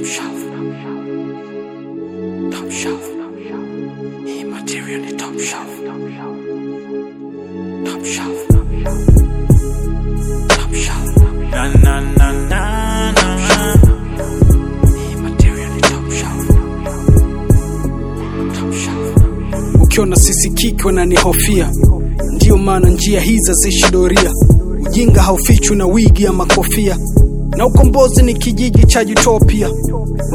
Top shelf. Top shelf. top shelf. Top shelf. Top shelf. Na na na na na. hofia Ukiona sisi kiki wananihofia, ndiyo maana njia hizi zishidoria. doria. Ujinga haufichwi na wigi ya makofia na ukombozi ni kijiji cha utopia.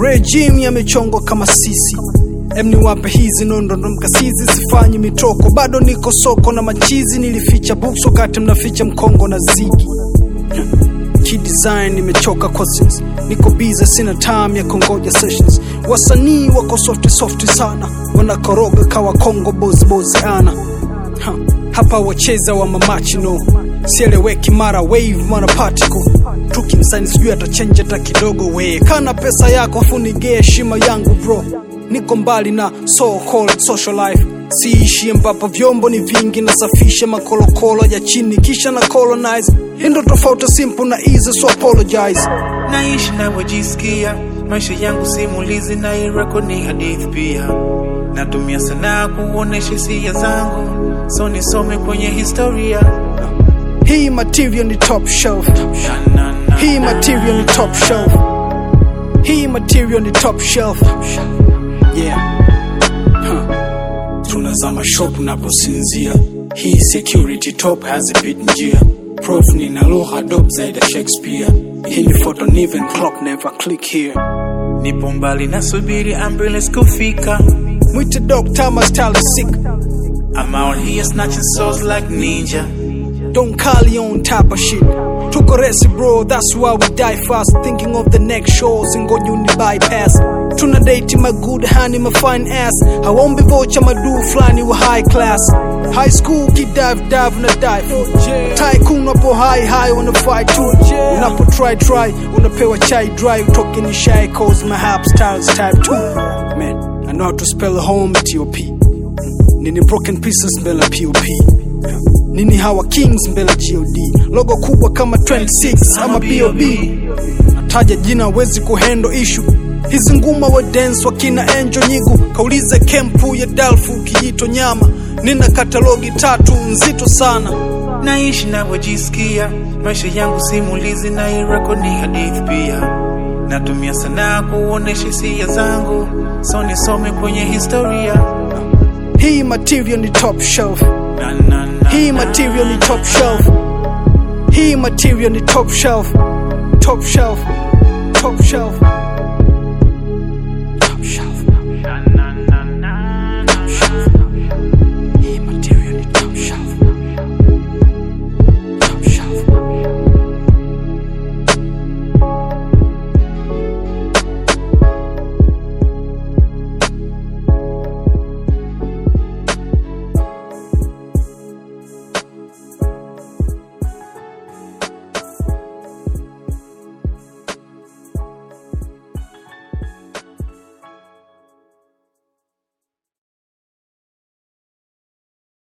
Regime yamechongwa kama sisi Emni wape hizi nondondo mkasizi sifanyi mitoko bado niko soko na machizi nilificha books wakati mnaficha mkongo na ziki zigi design nimechoka cousins niko busy sina time ya kongoja sessions wasanii wako soft soft sana wanakoroga kawa kongo boss boss ana ha, hapa wacheza wa mamachi no sieleweki mara wave mara particle tukimsani sijui atachenje hata kidogo we kana pesa yako funige heshima yangu bro niko mbali na so called social life siishi ambapo vyombo ni vingi nasafishe makolokolo ya chini kisha na colonize ndo tofauti simple na easy so apologize naishi navyojisikia maisha yangu simulizi na irako ni hadithi pia natumia sana kuonesha hisia zangu so nisome kwenye historia hii material ni top shelf. Hii material ni top shelf. Hii material ni top shelf. Yeah. Huh. Tunazama shop naposinzia. Hii security top has a bit njia. Prof ni na lugha dope zaidi Shakespeare. Hii ni photo even clock never click here. Nipo mbali subiri ambulance kufika. Mwite Dr. Thomas Tyler sick. I'm out here snatching souls like ninja. Don't call you on type of shit. Took a rest, bro, that's why we die fast. Thinking of the next show, and go uni bypass. Tuna date my good honey, my fine ass. I won't be vulture, my do flani with high class. High school, kid dive, dive, na dive. Tycoon upo high, high, on the fight too. put try, try, unapewa chai dry. Talking shy, cause my hap styles type two. Man, I know how to spell home, T O P. Nini broken pieces, spell P O P. Nini hawa kings mbele GOD, logo kubwa kama 26 ama BOB. Nataja jina wezi kuhendo ishu hizi nguma wa dance wakina Enjo Nyigu, kaulize kempu ya Dalfu kijito nyama. Nina katalogi tatu nzito sana, naishi navyojisikia. Maisha yangu simulizi na irako ni hadithi pia natumia sanaa kuonesha hisia zangu, so nisome kwenye historia. Hii material ni top shelf na, na. He material the top shelf. He material the top shelf. Top shelf. Top shelf.